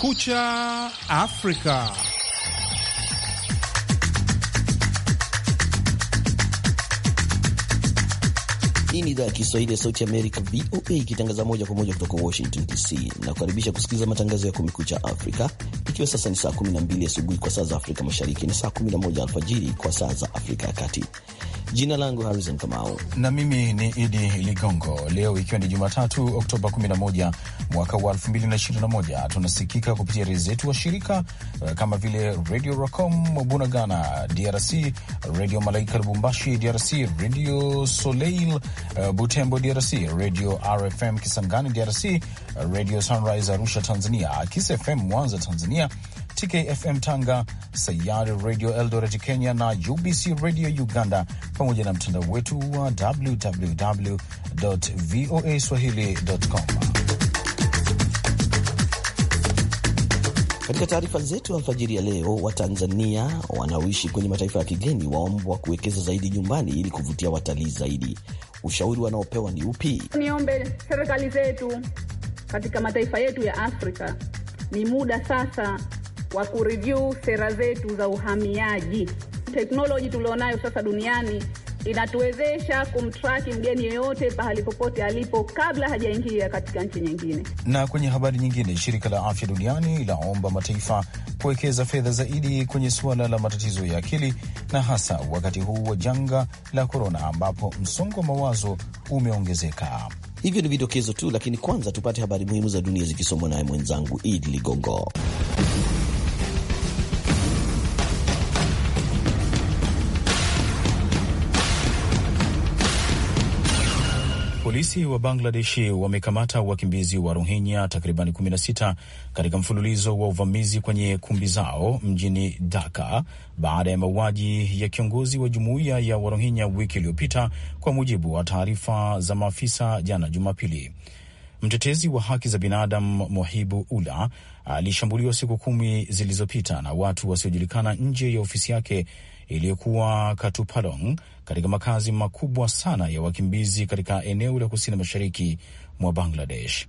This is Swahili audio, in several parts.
Kumekucha Afrika. Hii ni idhaa ya Kiswahili ya Sauti Amerika, VOA, ikitangaza moja kwa moja kutoka Washington DC na kukaribisha kusikiliza matangazo ya Kumekucha Afrika, ikiwa sasa ni saa 12 asubuhi kwa saa za Afrika Mashariki na saa 11 alfajiri kwa saa za Afrika ya Kati. Jina langu Harrison Kamau na mimi ni Idi Ligongo. Leo ikiwa ni Jumatatu, Oktoba 11 mwaka wa 2021, tunasikika kupitia redio zetu wa shirika eh, kama vile Radio Racom Bunagana DRC, Radio Malaika Lubumbashi DRC, Radio Soleil eh, Butembo DRC, Radio RFM Kisangani DRC, eh, Radio Sunrise Arusha Tanzania, Kiss FM Mwanza Tanzania, TKFM Tanga, Sayari Radio Eldoret Kenya na UBC Radio Uganda, pamoja na mtandao wetu wa www voa swahili.com. Katika taarifa zetu alfajiri ya leo, Watanzania wanaoishi kwenye mataifa ya kigeni waombwa kuwekeza zaidi nyumbani ili kuvutia watalii zaidi. Ushauri wanaopewa ni upi? Niombe serikali zetu katika mataifa yetu ya Afrika, ni muda sasa wa kureview sera zetu za uhamiaji. Teknoloji tulionayo sasa duniani inatuwezesha kumtraki mgeni yeyote pahali popote alipo kabla hajaingia katika nchi nyingine. Na kwenye habari nyingine, shirika la afya duniani laomba mataifa kuwekeza fedha zaidi kwenye suala la matatizo ya akili, na hasa wakati huu wa janga la korona, ambapo msongo wa mawazo umeongezeka. Hivyo ni vidokezo tu, lakini kwanza tupate habari muhimu za dunia zikisomwa naye mwenzangu Idi Ligongo. Polisi wa Bangladeshi wamekamata wakimbizi wa Rohingya takriban 16 katika mfululizo wa uvamizi kwenye kumbi zao mjini Dhaka baada ya mauaji ya kiongozi wa jumuiya ya Warohingya wiki iliyopita, kwa mujibu wa taarifa za maafisa jana Jumapili. Mtetezi wa haki za binadamu Mohibu Ula alishambuliwa siku kumi zilizopita na watu wasiojulikana nje ya ofisi yake iliyokuwa Katupalong, katika makazi makubwa sana ya wakimbizi katika eneo la kusini mashariki mwa Bangladesh.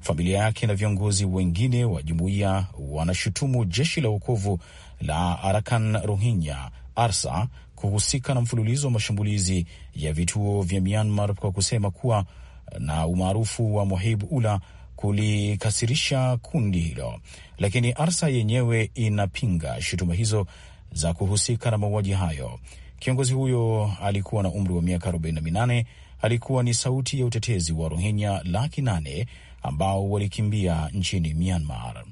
Familia yake na viongozi wengine wa jumuiya wanashutumu jeshi la uokovu la Arakan Rohingya Arsa kuhusika na mfululizo wa mashambulizi ya vituo vya Myanmar kwa kusema kuwa na umaarufu wa Mohib Ula kulikasirisha kundi hilo, lakini Arsa yenyewe inapinga shutuma hizo za kuhusika na mauaji hayo. Kiongozi huyo alikuwa na umri wa miaka 48. Alikuwa ni sauti ya utetezi wa Rohingya laki nane ambao walikimbia nchini Myanmar.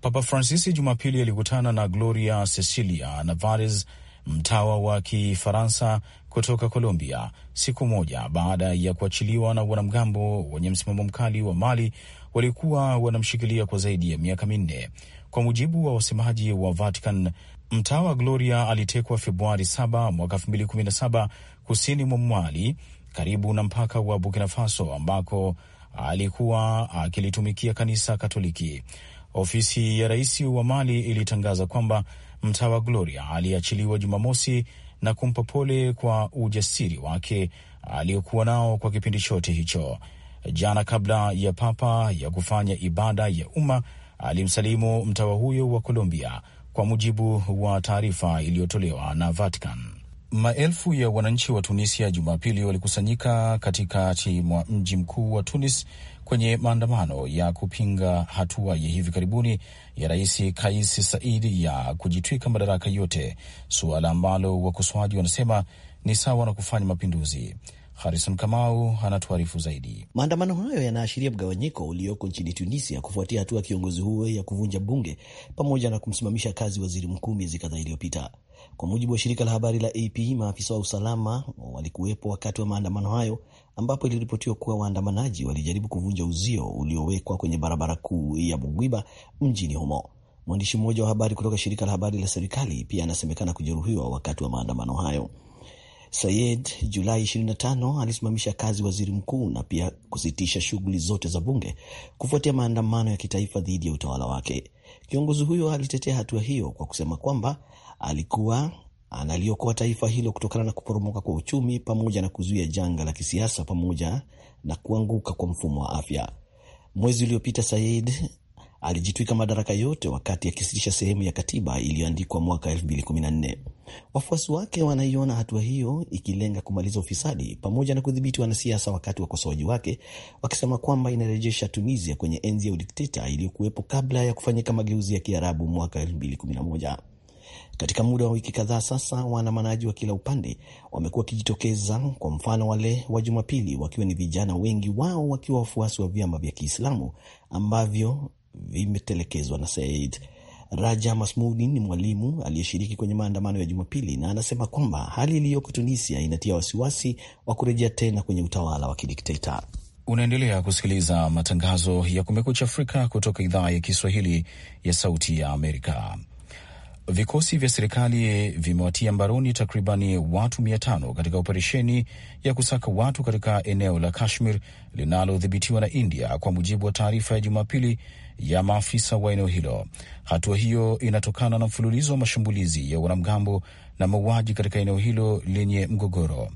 Papa Francis Jumapili alikutana na Gloria Cecilia navares mtawa wa Kifaransa kutoka Colombia, siku moja baada ya kuachiliwa na wanamgambo wenye msimamo mkali wa Mali walikuwa wanamshikilia kwa zaidi ya miaka minne, kwa mujibu wa wasemaji wa Vatican. Mtaa wa Gloria alitekwa Februari 7 mwaka 2017 kusini mwa mwali karibu na mpaka wa Burkina Faso ambako alikuwa akilitumikia kanisa Katoliki. Ofisi ya rais wa Mali ilitangaza kwamba mtaa wa Gloria aliachiliwa Jumamosi na kumpa pole kwa ujasiri wake aliyokuwa nao kwa kipindi chote hicho. Jana kabla ya papa ya kufanya ibada ya umma alimsalimu mtawa huyo wa Colombia kwa mujibu wa taarifa iliyotolewa na Vatican. Maelfu ya wananchi wa Tunisia Jumapili walikusanyika katikati mwa mji mkuu wa Tunis kwenye maandamano ya kupinga hatua ya hivi karibuni ya Rais Kais Saidi ya kujitwika madaraka yote, suala ambalo wakosoaji wanasema ni sawa na kufanya mapinduzi. Harison Kamau anatuarifu zaidi. Maandamano hayo yanaashiria mgawanyiko ulioko nchini Tunisia kufuatia hatua ya kiongozi huo ya kuvunja bunge pamoja na kumsimamisha kazi waziri mkuu miezi kadhaa iliyopita. Kwa mujibu wa shirika la habari la AP, maafisa wa usalama walikuwepo wakati wa maandamano hayo, ambapo iliripotiwa kuwa waandamanaji walijaribu kuvunja uzio uliowekwa kwenye barabara kuu ya Bugwiba mjini humo. Mwandishi mmoja wa habari kutoka shirika la habari la serikali pia anasemekana kujeruhiwa wakati wa maandamano hayo. Sayed Julai 25 alisimamisha kazi waziri mkuu na pia kusitisha shughuli zote za bunge kufuatia maandamano ya kitaifa dhidi ya utawala wake. Kiongozi huyo alitetea hatua hiyo kwa kusema kwamba alikuwa analiokoa taifa hilo kutokana na kuporomoka kwa uchumi pamoja na kuzuia janga la kisiasa pamoja na kuanguka kwa mfumo wa afya. Mwezi uliopita Said alijitwika madaraka yote wakati akisitisha sehemu ya katiba iliyoandikwa mwaka 2014. Wafuasi wake wanaiona hatua hiyo ikilenga kumaliza ufisadi pamoja na kudhibiti wanasiasa, wakati wakosoaji wake wakisema kwamba inarejesha Tunisia kwenye enzi ya udikteta iliyokuwepo kabla ya kufanyika mageuzi ya Kiarabu mwaka 2011. Katika muda wa wiki kadhaa sasa, waandamanaji wa kila upande wamekuwa wakijitokeza, kwa mfano wale wa Jumapili, wakiwa ni vijana, wengi wao wakiwa wafuasi wa vyama vya Kiislamu ambavyo vimetelekezwa na Said. Raja Masmudi ni mwalimu aliyeshiriki kwenye maandamano ya Jumapili na anasema kwamba hali iliyoko Tunisia inatia wasiwasi wa kurejea tena kwenye utawala wa kidikteta. Unaendelea kusikiliza matangazo ya Kumekucha Afrika kutoka idhaa ya Kiswahili ya Sauti ya Amerika. Vikosi vya serikali vimewatia mbaroni takribani watu mia tano katika operesheni ya kusaka watu katika eneo la Kashmir linalodhibitiwa na India, kwa mujibu wa taarifa ya Jumapili ya maafisa wa eneo hilo. Hatua hiyo inatokana na mfululizo wa mashambulizi ya wanamgambo na mauaji katika eneo hilo lenye mgogoro.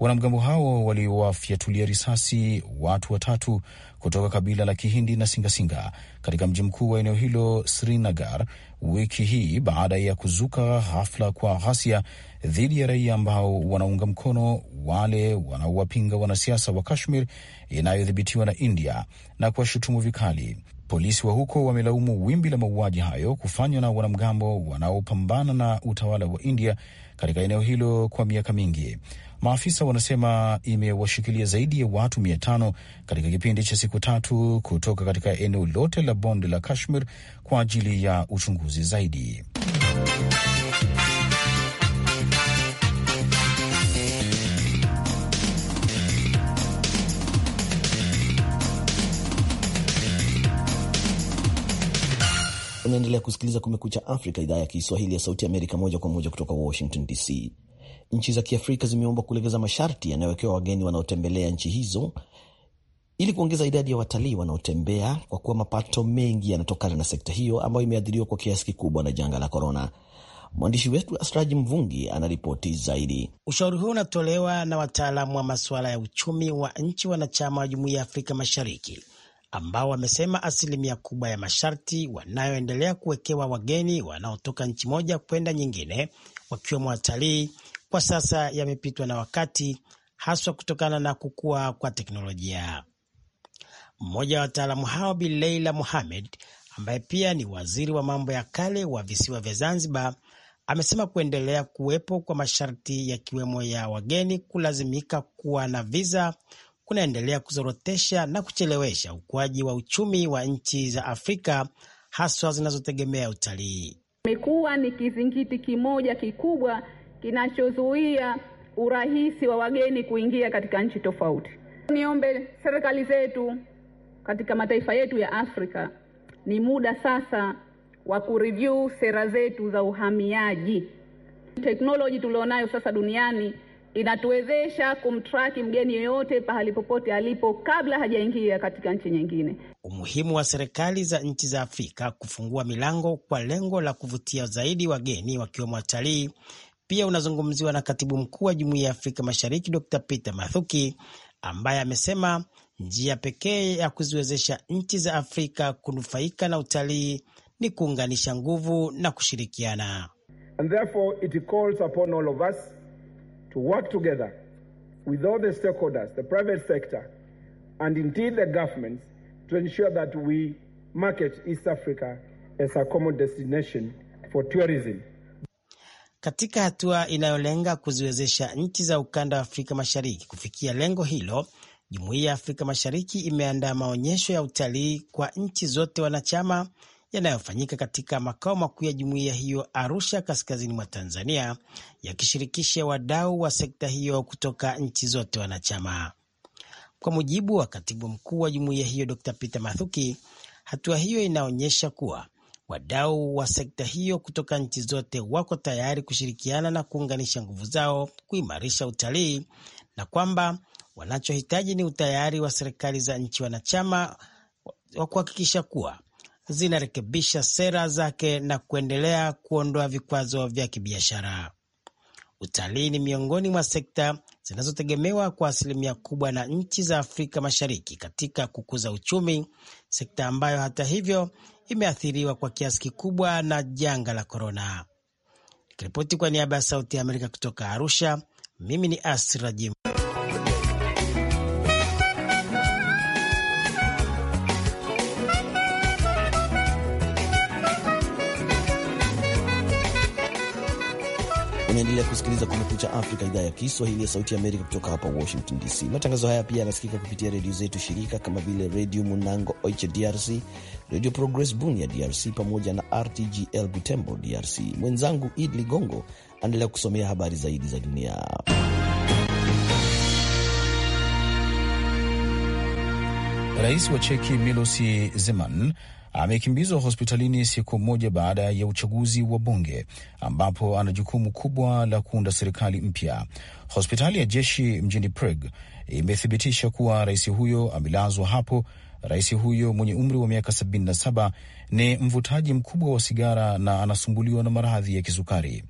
Wanamgambo hao waliwafyatulia risasi watu watatu kutoka kabila la Kihindi na Singasinga katika mji mkuu wa eneo hilo Srinagar, wiki hii baada ya kuzuka hafla kwa ghasia dhidi ya raia ambao wanaunga mkono wale wanaowapinga wanasiasa wa Kashmir inayodhibitiwa na India na kuwashutumu vikali. Polisi wa huko wamelaumu wimbi la mauaji hayo kufanywa na wanamgambo wanaopambana na utawala wa India katika eneo hilo kwa miaka mingi. Maafisa wanasema imewashikilia zaidi ya watu mia tano katika kipindi cha siku tatu kutoka katika eneo lote la bonde la Kashmir kwa ajili ya uchunguzi zaidi. Unaendelea kusikiliza Kumekucha Afrika, idhaa ya Kiswahili ya Sauti Amerika, moja kwa moja kutoka Washington DC. Nchi za Kiafrika zimeomba kulegeza masharti yanayowekewa wageni wanaotembelea nchi hizo ili kuongeza idadi ya watalii wanaotembea, kwa kuwa mapato mengi yanatokana na sekta hiyo ambayo imeathiriwa kwa kiasi kikubwa na janga la korona. Mwandishi wetu Asraji Mvungi anaripoti zaidi. Ushauri huo unatolewa na wataalamu wa masuala ya uchumi wa nchi wanachama wa Jumuiya ya Afrika Mashariki ambao wamesema asilimia kubwa ya masharti wanayoendelea kuwekewa wageni wanaotoka nchi moja kwenda nyingine, wakiwemo watalii, kwa sasa yamepitwa na wakati, haswa kutokana na kukua kwa teknolojia. Mmoja wa wataalamu hao Bi Leila Mohamed, ambaye pia ni waziri wa mambo ya kale wa visiwa vya Zanzibar, amesema kuendelea kuwepo kwa masharti yakiwemo ya wageni kulazimika kuwa na viza kunaendelea kuzorotesha na kuchelewesha ukuaji wa uchumi wa nchi za Afrika haswa zinazotegemea utalii. Imekuwa ni kizingiti kimoja kikubwa kinachozuia urahisi wa wageni kuingia katika nchi tofauti. Niombe serikali zetu katika mataifa yetu ya Afrika, ni muda sasa wa kureview sera zetu za uhamiaji. Teknoloji tulionayo sasa duniani inatuwezesha kumtraki mgeni yeyote pahali popote alipo kabla hajaingia katika nchi nyingine. Umuhimu wa serikali za nchi za Afrika kufungua milango kwa lengo la kuvutia zaidi wageni wakiwemo watalii pia unazungumziwa na katibu mkuu wa Jumuiya ya Afrika Mashariki Dr. Peter Mathuki ambaye amesema njia pekee ya kuziwezesha nchi za Afrika kunufaika na utalii ni kuunganisha nguvu na kushirikiana. And therefore it calls upon all of us to work together with all the stakeholders, the private sector, and indeed the governments to ensure that we market East Africa as a common destination for tourism. Katika hatua inayolenga kuziwezesha nchi za ukanda wa Afrika Mashariki kufikia lengo hilo, Jumuiya ya Afrika Mashariki imeandaa maonyesho ya utalii kwa nchi zote wanachama yanayofanyika katika makao makuu ya jumuiya hiyo Arusha, kaskazini mwa Tanzania, yakishirikisha wadau wa sekta hiyo kutoka nchi zote wanachama. Kwa mujibu wa katibu mkuu wa jumuiya hiyo Dr Peter Mathuki, hatua hiyo inaonyesha kuwa wadau wa sekta hiyo kutoka nchi zote wako tayari kushirikiana na kuunganisha nguvu zao kuimarisha utalii na kwamba wanachohitaji ni utayari wa serikali za nchi wanachama wa kuhakikisha kuwa zinarekebisha sera zake na kuendelea kuondoa vikwazo vya kibiashara. Utalii ni miongoni mwa sekta zinazotegemewa kwa asilimia kubwa na nchi za Afrika Mashariki katika kukuza uchumi, sekta ambayo hata hivyo imeathiriwa kwa kiasi kikubwa na janga la korona. Nikiripoti kwa niaba ya Sauti ya Amerika kutoka Arusha, mimi ni Asra Jim. Unaendelea kusikiliza Kumekucha Afrika, idhaa ya Kiswahili ya Sauti Amerika kutoka hapa Washington DC. Matangazo haya pia yanasikika kupitia redio zetu shirika kama vile Redio Munango Oicha DRC, Redio Progress Bunia DRC, pamoja na RTGL Butembo DRC. Mwenzangu Id Ligongo anaendelea kusomea habari zaidi za dunia. Rais wa Cheki Milosi Zeman amekimbizwa hospitalini siku moja baada ya uchaguzi wa bunge ambapo ana jukumu kubwa la kuunda serikali mpya. Hospitali ya jeshi mjini Prague imethibitisha kuwa rais huyo amelazwa hapo. Rais huyo mwenye umri wa miaka 77 ni mvutaji mkubwa wa sigara na anasumbuliwa na maradhi ya kisukari.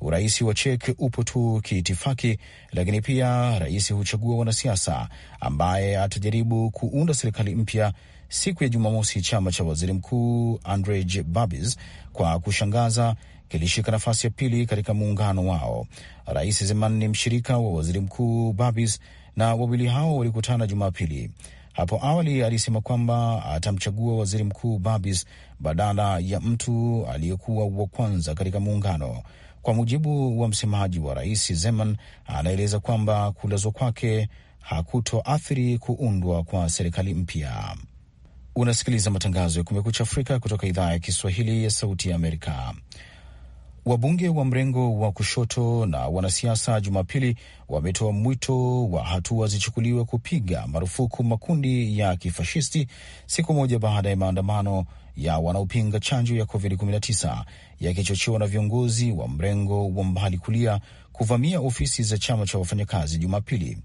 Urais wa chek upo tu kiitifaki, lakini pia rais huchagua wanasiasa ambaye atajaribu kuunda serikali mpya. Siku ya Jumamosi, chama cha waziri mkuu Andrej Babis kwa kushangaza kilishika nafasi ya pili katika muungano wao. Rais Zeman ni mshirika wa waziri mkuu Babis na wawili hao walikutana Jumapili. Hapo awali alisema kwamba atamchagua waziri mkuu Babis badala ya mtu aliyekuwa wa kwanza katika muungano. Kwa mujibu wa msemaji wa rais, Zeman anaeleza kwamba kulazwa kwake hakutoathiri kuundwa kwa serikali mpya. Unasikiliza matangazo ya Kumekucha Afrika kutoka idhaa ya Kiswahili ya Sauti ya Amerika. Wabunge wa mrengo wa kushoto na wanasiasa Jumapili wametoa mwito wa hatua zichukuliwe kupiga marufuku makundi ya kifashisti siku moja baada ya maandamano ya wanaopinga chanjo ya COVID-19 yakichochewa na viongozi wa mrengo wa mbali kulia kuvamia ofisi za chama cha wafanyakazi Jumapili.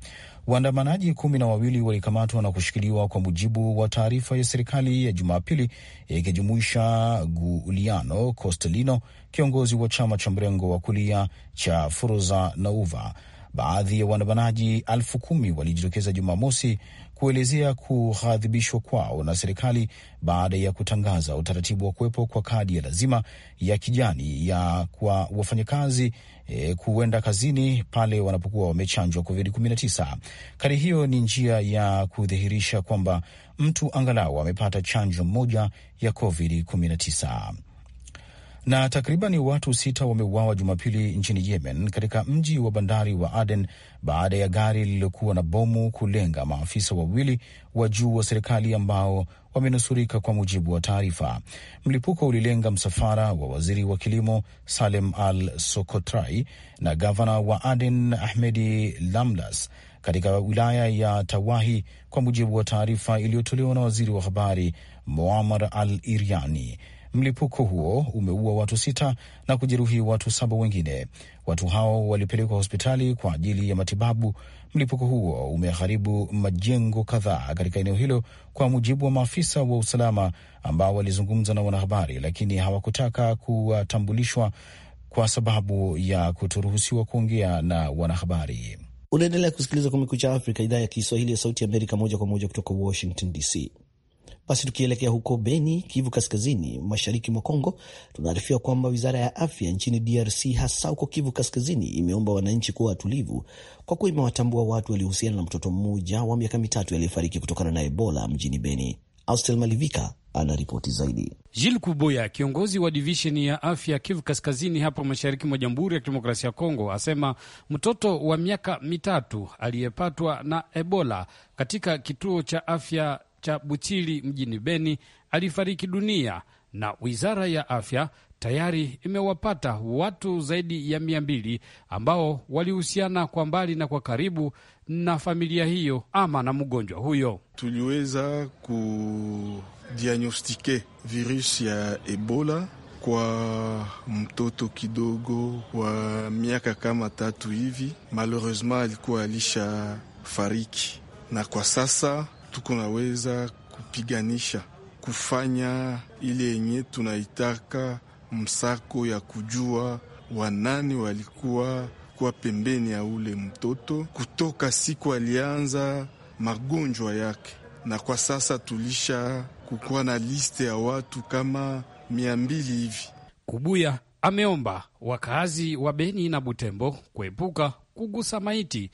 Waandamanaji kumi na wawili walikamatwa na kushikiliwa kwa mujibu wa taarifa ya serikali ya Jumapili, ikijumuisha Giuliano Costelino, kiongozi wa chama cha mrengo wa kulia cha Furuza uva Baadhi ya waandamanaji elfu kumi walijitokeza Jumamosi kuelezea kughadhibishwa kwao na serikali baada ya kutangaza utaratibu wa kuwepo kwa kadi ya lazima ya kijani ya kwa wafanyakazi e, kuenda kazini pale wanapokuwa wamechanjwa COVID-19. Kadi hiyo ni njia ya kudhihirisha kwamba mtu angalau amepata chanjo moja ya COVID-19 na takribani watu sita wameuawa Jumapili nchini Yemen katika mji wa bandari wa Aden baada ya gari lililokuwa na bomu kulenga maafisa wawili wa juu wa serikali ambao wamenusurika, kwa mujibu wa taarifa. Mlipuko ulilenga msafara wa waziri wa kilimo Salem Al Sokotrai na gavana wa Aden Ahmedi Lamlas katika wilaya ya Tawahi, kwa mujibu wa taarifa iliyotolewa na waziri wa habari Muamar Al iriani Mlipuko huo umeua watu sita na kujeruhi watu saba wengine. Watu hao walipelekwa hospitali kwa ajili ya matibabu. Mlipuko huo umeharibu majengo kadhaa katika eneo hilo, kwa mujibu wa maafisa wa usalama ambao walizungumza na wanahabari, lakini hawakutaka kuwatambulishwa kwa sababu ya kutoruhusiwa kuongea na wanahabari. Unaendelea kusikiliza Kumekucha Afrika, idhaa ya Kiswahili ya Sauti ya Amerika, moja kwa moja kutoka Washington DC. Basi tukielekea huko Beni, Kivu Kaskazini, mashariki mwa Kongo, tunaarifiwa kwamba wizara ya afya nchini DRC, hasa huko Kivu Kaskazini, imeomba wananchi kuwa watulivu kwa kuwa imewatambua watu waliohusiana na mtoto mmoja wa miaka mitatu aliyefariki kutokana na Ebola mjini Beni. Austel Malivika anaripoti zaidi. Jil Kuboya, kiongozi wa divisheni ya afya Kivu Kaskazini hapa mashariki mwa Jamhuri ya Kidemokrasia ya Kongo, asema mtoto wa miaka mitatu aliyepatwa na Ebola katika kituo cha afya cha Butili mjini Beni alifariki dunia na Wizara ya Afya tayari imewapata watu zaidi ya mia mbili ambao walihusiana kwa mbali na kwa karibu na familia hiyo ama na mgonjwa huyo. Tuliweza kudiagnostike virusi ya Ebola kwa mtoto kidogo wa miaka kama tatu hivi, malheureusement alikuwa alisha fariki, na kwa sasa tuko naweza kupiganisha kufanya ile yenye tunaitaka msako ya kujua wanani walikuwa kuwa pembeni ya ule mtoto kutoka siku alianza magonjwa yake, na kwa sasa tulisha kukuwa na liste ya watu kama mia mbili hivi. Kubuya ameomba wakazi wa Beni na Butembo kuepuka kugusa maiti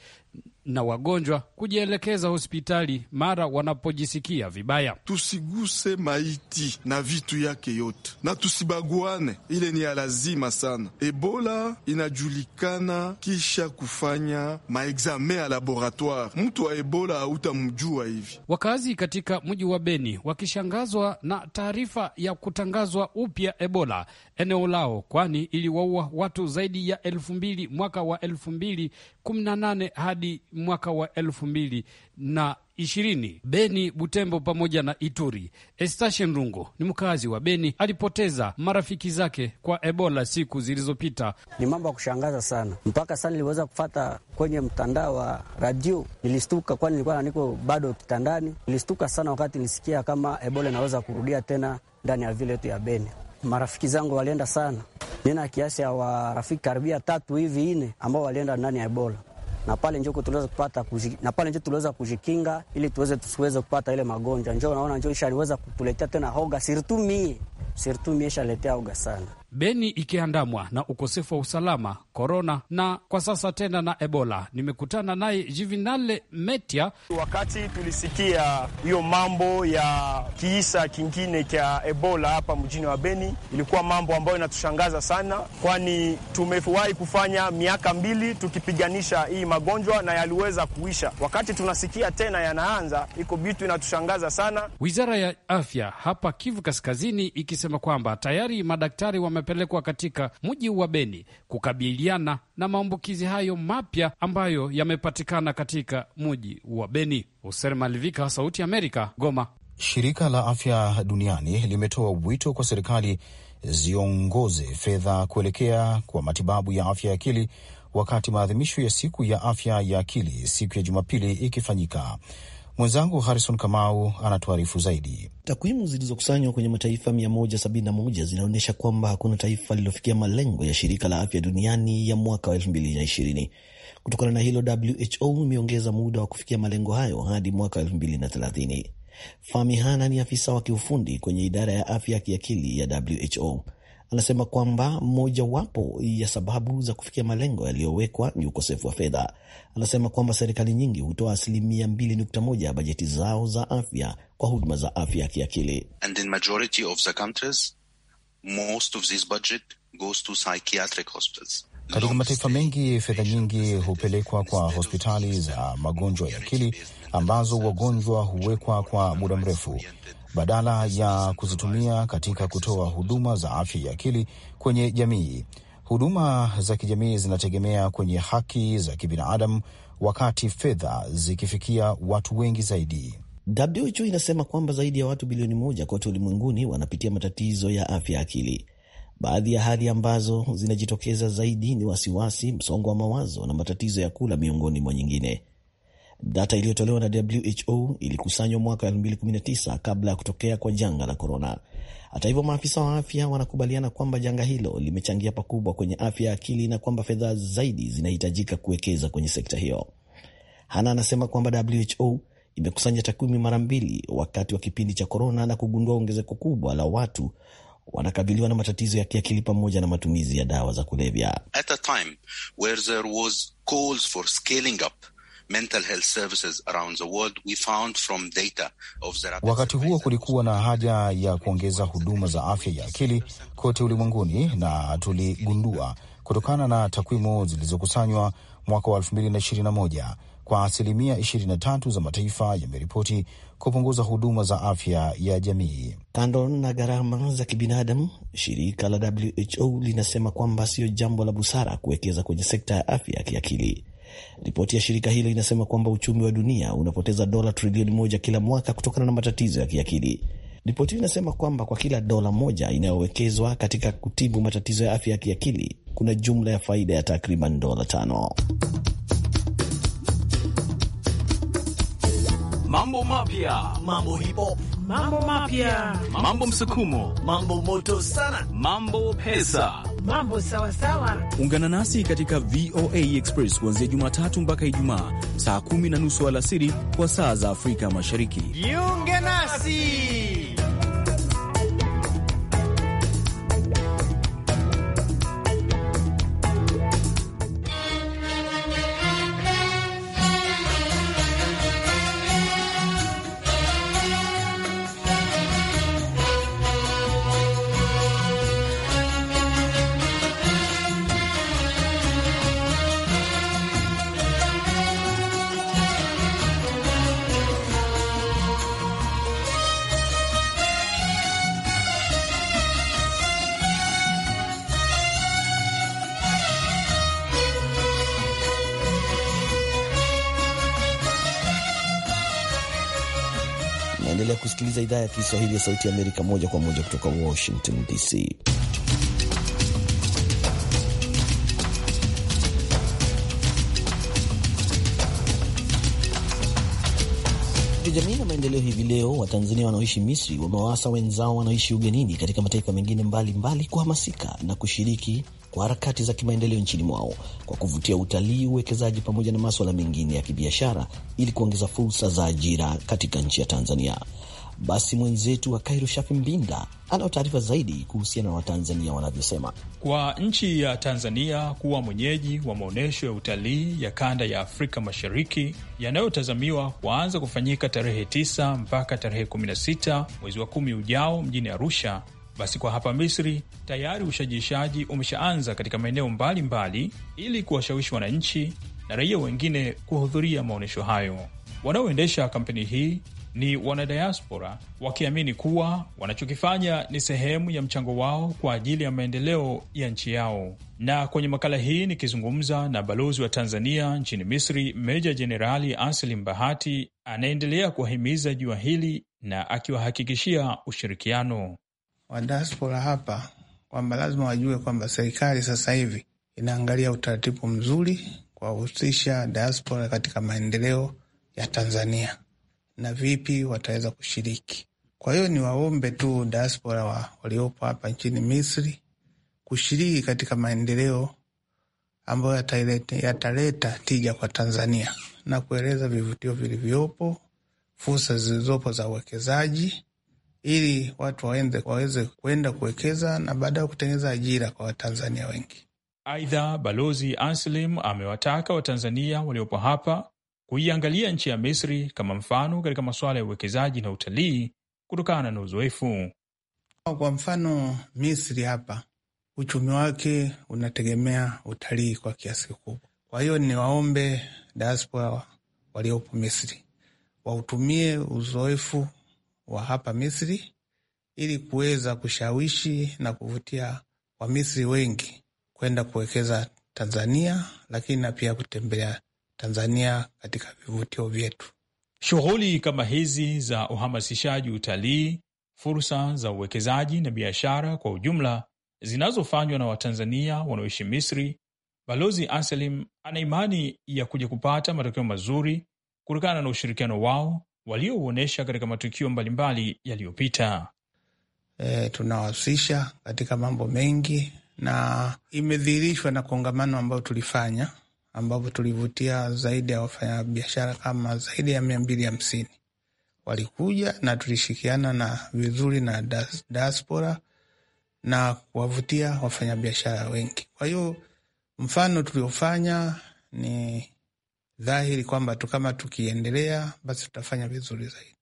na wagonjwa kujielekeza hospitali mara wanapojisikia vibaya. Tusiguse maiti na vitu yake yote na tusibaguane, ile ni ya lazima sana. Ebola inajulikana kisha kufanya maexame ya laboratoire. Mtu wa ebola hautamjua hivi. Wakazi katika mji wa Beni wakishangazwa na taarifa ya kutangazwa upya ebola eneo lao, kwani iliwaua watu zaidi ya elfu mbili mwaka wa elfu mbili kumi na nane hadi mwaka wa elfu mbili na ishirini. Beni, Butembo pamoja na Ituri. estashe Nrungo ni mkazi wa Beni, alipoteza marafiki zake kwa Ebola siku zilizopita. Ni mambo ya kushangaza sana, mpaka sana niliweza kufata kwenye mtandao wa radio, nilistuka, kwani nilikuwa niko bado kitandani. Nilistuka sana wakati nilisikia kama Ebola inaweza kurudia tena ndani ya vile yetu ya Beni marafiki zangu walienda sana. Nina kiasi ya warafiki karibia tatu hivi nne ambao walienda ndani ya Ebola na pale njo tuliweza kupata na pale tuliweza kujikinga ili tuweze tusiweze kupata ile magonjwa. Njo naona njo ishaliweza kutuletea tena hoga, sirtu mie sirtu mie ishaletea hoga sana. Beni ikiandamwa na ukosefu wa usalama, korona na kwa sasa tena na Ebola. Nimekutana naye Jivinale Metia. Wakati tulisikia hiyo mambo ya kiisa kingine cha Ebola hapa mjini wa Beni, ilikuwa mambo ambayo inatushangaza sana, kwani tumewahi kufanya miaka mbili tukipiganisha hii magonjwa na yaliweza kuisha. Wakati tunasikia tena yanaanza, iko bitu inatushangaza sana. Wizara ya afya hapa Kivu Kaskazini ikisema kwamba tayari madaktari wame wamepelekwa katika mji wa Beni kukabiliana na maambukizi hayo mapya ambayo yamepatikana katika mji wa Beni. Hoser Malivika, Sauti ya Amerika, Goma. Shirika la Afya Duniani limetoa wito kwa serikali ziongoze fedha kuelekea kwa matibabu ya afya ya akili wakati maadhimisho ya siku ya afya ya akili siku ya Jumapili ikifanyika. Mwenzangu Harrison Kamau anatuarifu zaidi. Takwimu zilizokusanywa kwenye mataifa 171 zinaonyesha kwamba hakuna taifa lililofikia malengo ya shirika la afya duniani ya mwaka wa 2020. Kutokana na hilo, WHO imeongeza muda wa kufikia malengo hayo hadi mwaka 2030. Fahmi Hana ni afisa wa kiufundi kwenye idara ya afya ya kiakili ya WHO anasema kwamba mojawapo ya sababu za kufikia malengo yaliyowekwa ni ukosefu wa fedha. Anasema kwamba serikali nyingi hutoa asilimia 2.1 ya bajeti zao za afya kwa huduma za afya ya kiakili. Katika mataifa mengi fedha nyingi hupelekwa kwa hospitali za magonjwa ya akili ambazo wagonjwa huwekwa kwa muda mrefu badala ya kuzitumia katika kutoa huduma za afya ya akili kwenye jamii. Huduma za kijamii zinategemea kwenye haki za kibinadamu, wakati fedha zikifikia watu wengi zaidi. WHO inasema kwamba zaidi ya watu bilioni moja kote ulimwenguni wanapitia matatizo ya afya ya akili. Baadhi ya hali ambazo zinajitokeza zaidi ni wasiwasi, msongo wa mawazo na matatizo ya kula, miongoni mwa nyingine. Data iliyotolewa na WHO ilikusanywa mwaka 2019 kabla ya kutokea kwa janga la korona. Hata hivyo, maafisa wa afya wanakubaliana kwamba janga hilo limechangia pakubwa kwenye afya ya akili na kwamba fedha zaidi zinahitajika kuwekeza kwenye sekta hiyo. Hana anasema kwamba WHO imekusanya takwimu mara mbili wakati wa kipindi cha korona na kugundua ongezeko kubwa la watu wanakabiliwa na matatizo ya kiakili pamoja na matumizi ya dawa za kulevya. At a time where there was calls for scaling up mental health services around the world we found from data of the Wakati huo kulikuwa na haja ya kuongeza huduma za afya ya akili kote ulimwenguni, na tuligundua kutokana na takwimu zilizokusanywa mwaka wa 2021 kwa asilimia 23 za mataifa yameripoti kupunguza huduma za afya ya jamii. Kando na gharama za kibinadamu, shirika la WHO linasema kwamba siyo jambo la busara kuwekeza kwenye sekta ya afya ya kiakili. Ripoti ya shirika hilo inasema kwamba uchumi wa dunia unapoteza dola trilioni moja kila mwaka kutokana na matatizo ya kiakili. Ripoti hiyo inasema kwamba kwa kila dola moja inayowekezwa katika kutibu matatizo ya afya ya kiakili kuna jumla ya faida ya takriban dola tano. Mambo mapya, mambo hipo, mambo mapya, mambo msukumo, mambo moto sana, mambo pesa Mambo sawa sawa. Ungana nasi katika VOA Express kuanzia Jumatatu mpaka Ijumaa saa kumi na nusu alasiri kwa saa za Afrika Mashariki. Jiunge nasi. kusikiliza idhaa ya Kiswahili ya Sauti ya Amerika moja kwa moja kutoka Washington DC. Jamii na maendeleo. Hivi leo Watanzania wanaoishi Misri wamewasa wenzao wanaoishi ugenini katika mataifa mengine mbalimbali kuhamasika na kushiriki kwa harakati za kimaendeleo nchini mwao kwa kuvutia utalii, uwekezaji pamoja na maswala mengine ya kibiashara ili kuongeza fursa za ajira katika nchi ya Tanzania. Basi mwenzetu wa Kairo, Shafi Mbinda, anao taarifa zaidi kuhusiana na Watanzania wanavyosema. Kwa nchi ya Tanzania kuwa mwenyeji wa maonyesho ya utalii ya kanda ya Afrika Mashariki yanayotazamiwa kuanza kufanyika tarehe 9 mpaka tarehe 16 mwezi wa kumi ujao mjini Arusha, basi kwa hapa Misri tayari ushajiishaji umeshaanza katika maeneo mbalimbali ili kuwashawishi wananchi na raia wengine kuhudhuria maonyesho hayo. Wanaoendesha kampeni hii ni wanadiaspora wakiamini kuwa wanachokifanya ni sehemu ya mchango wao kwa ajili ya maendeleo ya nchi yao. Na kwenye makala hii nikizungumza na balozi wa Tanzania nchini Misri, Meja Jenerali Anselim Bahati, anaendelea kuwahimiza jua hili na akiwahakikishia ushirikiano wadiaspora hapa kwamba lazima wajue kwamba serikali sasa hivi inaangalia utaratibu mzuri kuwahusisha diaspora katika maendeleo ya Tanzania na vipi wataweza kushiriki. Kwa hiyo niwaombe tu diaspora wa waliopo hapa nchini Misri kushiriki katika maendeleo ambayo yataleta, yataleta tija kwa Tanzania na kueleza vivutio vilivyopo, fursa zilizopo za uwekezaji ili watu waende, waweze kwenda kuwekeza na baadaye kutengeneza ajira kwa Watanzania wengi. Aidha, Balozi Anslim amewataka Watanzania waliopo hapa kuiangalia nchi ya Misri kama mfano katika masuala ya uwekezaji na utalii kutokana na uzoefu. Kwa mfano, Misri hapa uchumi wake unategemea utalii kwa kiasi kikubwa. Kwa hiyo niwaombe diaspora waliopo Misri wautumie uzoefu wa hapa Misri ili kuweza kushawishi na kuvutia Wamisri wengi kwenda kuwekeza Tanzania, lakini na pia kutembelea Tanzania katika vivutio vyetu. Shughuli kama hizi za uhamasishaji utalii, fursa za uwekezaji na biashara kwa ujumla zinazofanywa na Watanzania wanaoishi Misri, Balozi Anselim ana imani ya kuja kupata matokeo mazuri kutokana na ushirikiano wao waliouonyesha katika matukio mbalimbali yaliyopita. E, tunawahusisha katika mambo mengi na imedhihirishwa na kongamano ambayo tulifanya ambapo tulivutia zaidi ya wafanyabiashara kama zaidi ya mia mbili hamsini walikuja na tulishirikiana na vizuri na diaspora na kuwavutia wafanyabiashara wengi. Kwa hiyo mfano tuliofanya ni dhahiri kwamba tu kama tukiendelea basi tutafanya vizuri zaidi.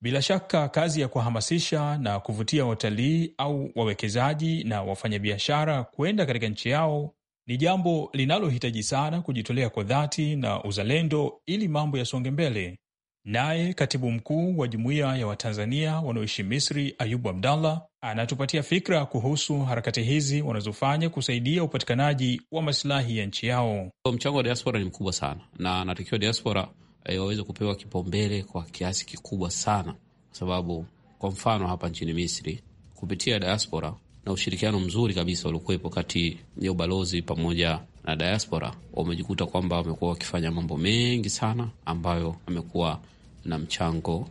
Bila shaka kazi ya kuhamasisha na kuvutia watalii au wawekezaji na wafanyabiashara kwenda katika nchi yao ni jambo linalohitaji sana kujitolea kwa dhati na uzalendo ili mambo yasonge mbele. Naye katibu mkuu wa jumuiya ya Watanzania wanaoishi Misri, Ayubu Abdallah, anatupatia fikra kuhusu harakati hizi wanazofanya kusaidia upatikanaji wa masilahi ya nchi yao. Mchango wa diaspora ni mkubwa sana, na anatakiwa diaspora eh, waweze kupewa kipaumbele kwa kiasi kikubwa sana, kwa sababu kwa mfano hapa nchini Misri kupitia diaspora na ushirikiano mzuri kabisa uliokuwepo kati ya ubalozi pamoja na diaspora, wamejikuta kwamba wamekuwa wakifanya mambo mengi sana ambayo amekuwa na mchango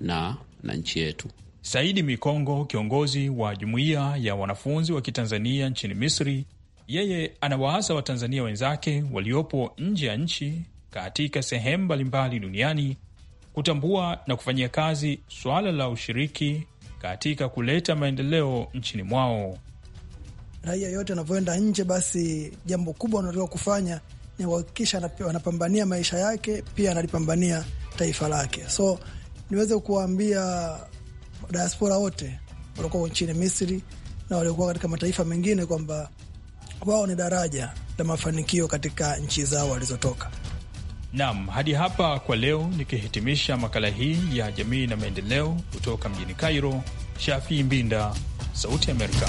na, na nchi yetu. Saidi Mikongo, kiongozi wa jumuiya ya wanafunzi wa Kitanzania nchini Misri, yeye anawaasa Watanzania wenzake waliopo nje ya nchi katika sehemu mbalimbali duniani kutambua na kufanyia kazi suala la ushiriki katika kuleta maendeleo nchini mwao. Raia yote anavyoenda nje, basi jambo kubwa anatakiwa kufanya ni kuhakikisha anapambania maisha yake, pia analipambania taifa lake. So niweze kuwaambia diaspora wote waliokuwa nchini Misri na waliokuwa katika mataifa mengine kwamba wao ni daraja la mafanikio katika nchi zao walizotoka. Naam, hadi hapa kwa leo, nikihitimisha makala hii ya jamii na maendeleo kutoka mjini Cairo, Shafi Mbinda, Sauti Amerika.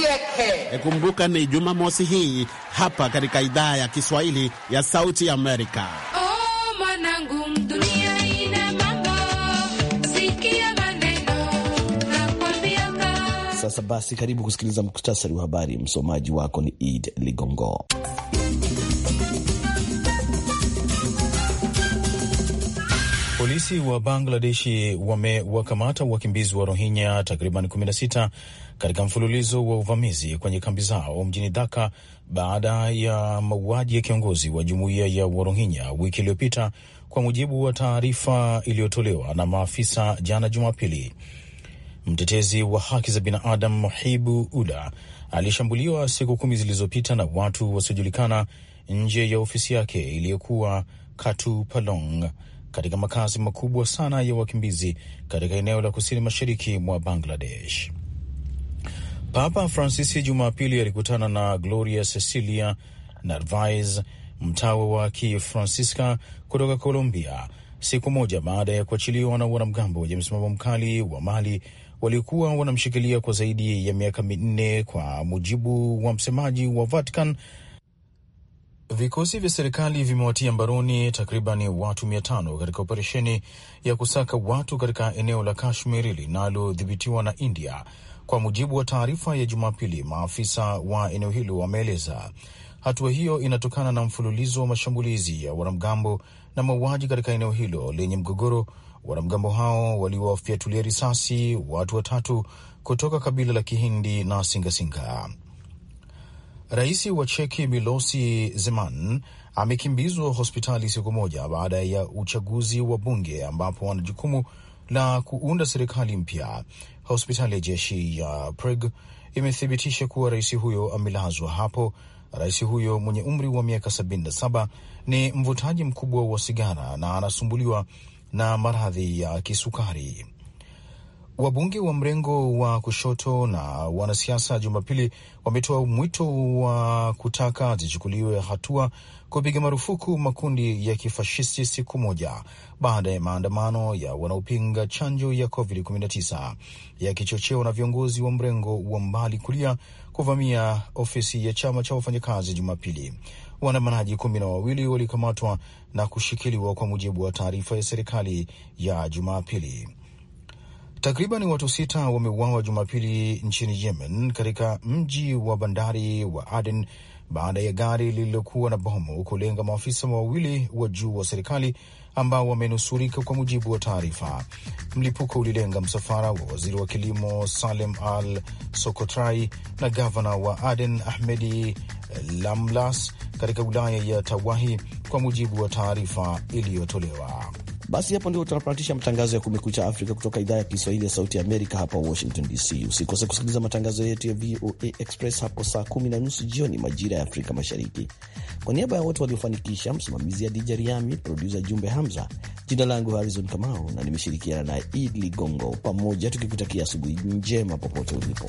Usieke. Kumbuka ni Jumamosi hii hapa katika idhaa ya Kiswahili ya Sauti Amerika. Oh, Sasa basi, karibu kusikiliza muktasari wa habari. Msomaji wako ni ed Ligongo. Polisi wa Bangladeshi wamewakamata wakimbizi wa Rohingya takriban 16 katika mfululizo wa uvamizi kwenye kambi zao mjini Dhaka baada ya mauaji ya kiongozi wa jumuiya ya Warohingya wiki iliyopita, kwa mujibu wa taarifa iliyotolewa na maafisa jana Jumapili. Mtetezi wa haki za binadamu Muhibu Ula alishambuliwa siku kumi zilizopita na watu wasiojulikana nje ya ofisi yake iliyokuwa Katu Palong katika makazi makubwa sana ya wakimbizi katika eneo la kusini mashariki mwa Bangladesh. Papa Francis Jumapili alikutana na Gloria Cecilia Narvaez, mtawe wa Kifransiska kutoka Colombia, siku moja baada ya kuachiliwa na wanamgambo wenye msimamo mkali wa Mali waliokuwa wanamshikilia kwa zaidi ya miaka minne, kwa mujibu wa msemaji wa Vatican Vikosi vya serikali vimewatia mbaroni takriban watu mia tano katika operesheni ya kusaka watu katika eneo la Kashmir linalodhibitiwa na India, kwa mujibu wa taarifa ya Jumapili, maafisa wa eneo hilo wameeleza. Hatua hiyo inatokana na mfululizo wa mashambulizi ya wanamgambo na mauaji katika eneo hilo lenye mgogoro. Wanamgambo hao waliwafyatulia risasi watu watatu kutoka kabila la Kihindi na Singasinga. Rais wa Cheki Milosi Zeman amekimbizwa hospitali siku moja baada ya uchaguzi wa bunge ambapo ana jukumu la kuunda serikali mpya. Hospitali ya jeshi ya Prague imethibitisha kuwa rais huyo amelazwa hapo. Rais huyo mwenye umri wa miaka 77 ni mvutaji mkubwa wa sigara na anasumbuliwa na maradhi ya kisukari. Wabunge wa mrengo wa kushoto na wanasiasa Jumapili wametoa mwito wa kutaka zichukuliwe hatua kupiga marufuku makundi ya kifashisti siku moja baada ya maandamano ya wanaopinga chanjo ya COVID-19 yakichochewa na viongozi wa mrengo wa mbali kulia kuvamia ofisi ya chama cha wafanyakazi Jumapili. Waandamanaji kumi na wawili walikamatwa na kushikiliwa kwa mujibu wa taarifa ya serikali ya Jumapili. Takriban watu sita wameuawa Jumapili nchini Yemen katika mji wa bandari wa Aden baada ya gari lililokuwa na bomu kulenga maafisa wawili wa juu wa serikali ambao wamenusurika, kwa mujibu wa taarifa. Mlipuko ulilenga msafara wa waziri wa kilimo Salem Al Sokotrai na gavana wa Aden Ahmedi Lamlas katika wilaya ya Tawahi, kwa mujibu wa taarifa iliyotolewa. Basi hapo ndio tunapatisha matangazo ya Kumekucha Afrika kutoka idhaa ya Kiswahili ya Sauti ya Amerika hapa Washington DC. Usikose kusikiliza matangazo yetu ya VOA Express hapo saa kumi na nusu jioni majira ya Afrika Mashariki. Kwa niaba ya wote waliofanikisha, msimamizi adija Riami, produsa Jumbe Hamza, jina langu Harizon Kamau na nimeshirikiana naye Id Ligongo, pamoja tukikutakia asubuhi njema popote ulipo.